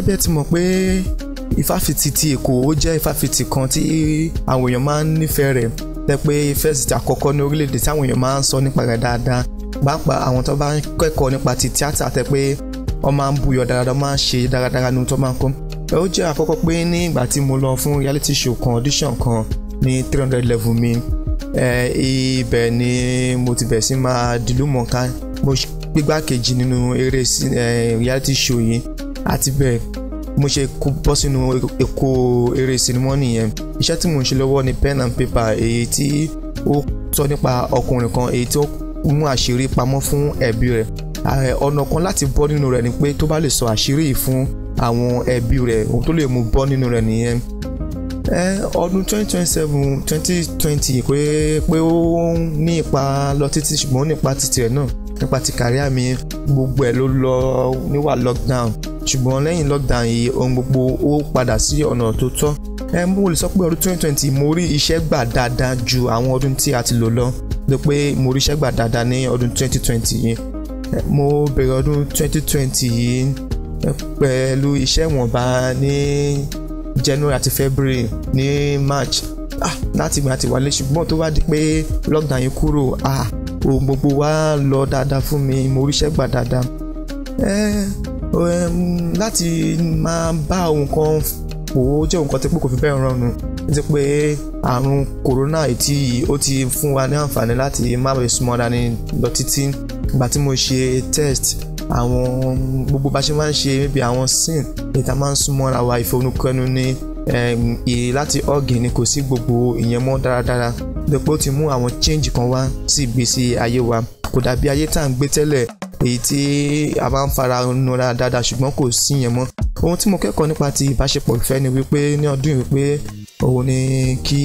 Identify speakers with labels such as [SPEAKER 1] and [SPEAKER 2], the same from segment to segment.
[SPEAKER 1] gẹ́gẹ́ bí ẹ ti mọ̀ pé ìfáfitì ti Èkó ó jẹ́ ìfáfitì kan tí àwọn èèyàn máa ń nífẹ̀ẹ́ rẹ̀ tẹ́ pé fásitì àkọ́kọ́ ní orílẹ̀-èdè tí èèyàn máa ń sọ nípa rẹ̀ dáadáa pàápàá àwọn tó bá ń kẹ́kọ̀ọ́ nípa ti tíátà tẹ́ pé wọ́n máa ń buyọ̀ dáadáa máa ń ṣe dáradára ní tó máa ń kọ́ ó jẹ́ àkọ́kọ́ pé ní tí mo lọ fún reality show kan audition kan ní three hundred level mi eh, ibẹ̀ ni mo ti bẹ̀rẹ̀ sí máa dìlúmọ̀ọ́ká mo gbégbá kejì nínú eré eh, reality show yìí àti bẹ́ẹ̀ mo ṣe bọ́ sínú èkó eré sinimá nìyẹn iṣẹ́ tí mò ń ṣe lọ́wọ́ ni pen and paper èyí tí ó sọ nípa ọkùnrin kan èyí tí ó mú àṣírí pamọ́ fún ẹbí rẹ̀ ọ̀nà kan láti bọ́ nínú rẹ̀ ni pé tó bá lè sọ àṣírí yìí fún àwọn ẹbí rẹ̀ ohun tó lè mú bọ́ nínú rẹ̀ nìyẹn ọdún twenty twenty seven twenty twenty pé pé ó ní ipa lọ títí ṣùgbọ́n nípa títì rẹ̀ náà nípa ti kàríà mi gbogbo ẹ̀ ló lọ níwà lockdown ṣùgbọ́n lẹ́yìn lockdown yìí ohun gbogbo ó padà sí ọ̀nà tó tọ́ ẹ mo lè sọ pé ọdún 2020 mo rí iṣẹ́ gbà dáadáa ju àwọn ọdún tí a ti lò lọ lọ pé mo rí iṣẹ́ gbà dáadáa ní ọdún 2020 yìí mo bẹ̀rẹ̀ ọdún 2020 yìí pẹ̀lú iṣẹ́ ìwọ̀nba ní January àti February ní March ah láti gbà àti wálé ṣùgbọ́n tó wá di pé lockdown yìí kúrò ah ohun gbogbo wá lọ dáadáa fún mi mo ríṣẹ́ gbà dáadáa láti máa bá ohun kan pò ó jẹ́ ohun kan tó pé kò fi bẹ́ẹ̀ rọrùn nítorí pé àrùn kòrónà ètí ó ti fún wa ní àǹfààní láti má bẹ súnmọ́ dání lọ títí ìgbà tí mo ṣe test àwọn gbogbo bá ṣe máa ń ṣe níbi àwọn sin níta máa ń súnmọ́ra wa ìfẹnukẹ́nu ní ìyè láti ọ̀gìn ni kò sí gbogbo ìyẹn mọ́ dáradára lọ́pọ̀ ó ti mú àwọn change kan wá sí ìgbésí ayé wa kò dàbí ayé tá à ń gbé tẹ́lẹ̀ èyí tí a bá ń fara nura dáadáa ṣùgbọ́n kò sí yẹn mọ́ ohun tí mo kẹ́kọ̀ọ́ nípa ti ìbáṣepọ̀ ìfẹ́ ni wípé ní ọdún yìí wípé òun ni kí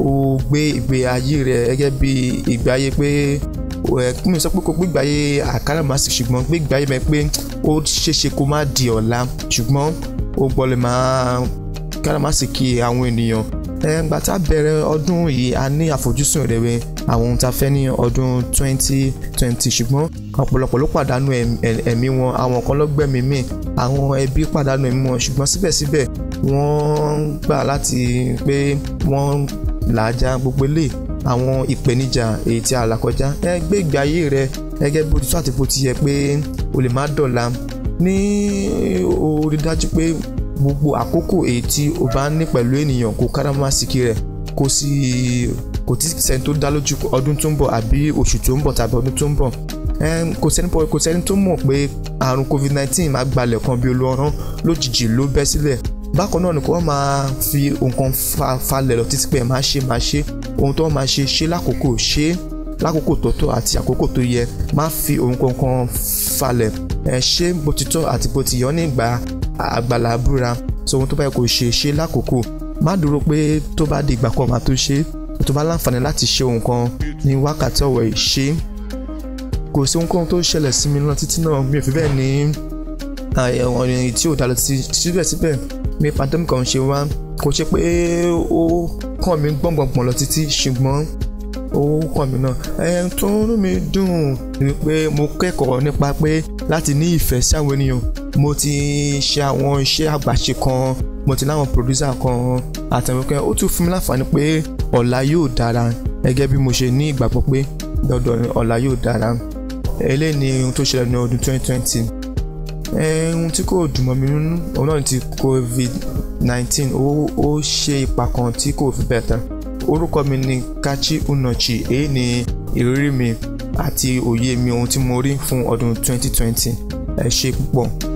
[SPEAKER 1] o gbé ìgbé ayé rẹ gẹ́gẹ́ bí ìgbé ayé pé mi sọ pé kò gbégbé ayé àkàràmásì ṣùgbọ́n gbégbé ayé mẹ́ pé ó ṣeéṣe kó má di ọ̀la ṣùgbọ́n ó gbọ́dọ̀ máa kàràmásì kí àwọn ènìyàn ẹ̀ ń gbà tá bẹ̀rẹ̀ ọdún yìí a ní àfojúsùn rere àwọn ohun tá a fẹ́ ní ọdún 2020 ṣùgbọ́n ọ̀pọ̀lọpọ̀ ló pàdánù ẹ̀mí wọn àwọn kan ló gbẹ̀mí mì àwọn ẹbí pàdánù ẹ̀mí wọn ṣùgbọ́n síbẹ̀síbẹ̀ wọ́n ń gbà láti pé wọ́n làájá gbogbo eléyìí àwọn ìpèníjà èyí tí a là kọjá ẹ gbé ìgbé ayé rẹ gẹ́gẹ́ bó ti tó àti bó ti yẹ pé o lè má dọ̀la ní orí dájú pé gbogbo àkókò èyí tí o bá ní pẹ̀lú ènìyàn kó káràmásìkì rẹ̀ kó sì kò tí sẹ́ni tó dá lójú ọdún tó ń bọ̀ àbí oṣù tó ń bọ̀ tàbí ọdún tó ń bọ̀ kò sẹ́ni pọ̀ kò sẹ́ni tó mọ̀ pé àrùn covid-19 máa gbalẹ̀ kan bí olóorun lójijì ló bẹ́ sílẹ̀ bákan náà ni kò wọ́n máa fi nǹkan falẹ̀ lọ títí pé máa ṣe máa ṣe ohun tó wọ́n máa ṣe ṣe lákòókò ṣe lákòókò tó àti àkókò tó yẹ máa fi ohun kankan falẹ̀ ṣe bó ti tọ́ àti bó ti yọ nígbà àgbàlá búra so ohun tó bá yẹ kó ṣe ṣe lákòókò má dúró pé tó bá di ìgbà kan máa tó ṣe é tó bá láǹfààní láti ṣe ohun kan ní wákàtí ọ̀wọ̀ yìí ṣe kò sí ohunkóhun tó ṣẹlẹ̀ sí mi lọ títí náà mi ò fi bẹ́ẹ̀ ní ọ̀nà tí ò dalọ̀ ti síbẹ̀síbẹ̀ mi pandemic ọ̀hún ṣe wá kò ṣe pé ó kàn mí gbọ̀ngbọ̀ngbọ̀n lọ títí ṣùgbọ́n ó kàn mí náà ẹ̀ẹ́n tó ń rú mi dùn ni pé mo kẹ́kọ̀ọ́ nípa pé láti ní ìfẹ́ sáwọn ènìyàn mo ti ṣe àwọn iṣẹ́ àgbàṣe kan mo ti láwọn producer kan àtàwọn kan ó tún fún mi láǹfààní pé ọ̀la yóò dára gẹ́gẹ́ bí mo ṣe ní ìgbàgbọ́ pé dọ̀dọ̀ ọ̀la yóò dára eléyìí ni ohun tó ṣẹlẹ̀ ní ọdún 2020 ohun tí kò dùn mọ́ mi nínú òun náà ti covid-19 ó ṣe ipa kan tí kò fi bẹ́ẹ̀ tán orúkọ mi ni Kachi Unochi èyí ni ìrírí mi àti òye mi ohun tí mo rí fún ọdún 2020 ẹ ṣe púpọ̀.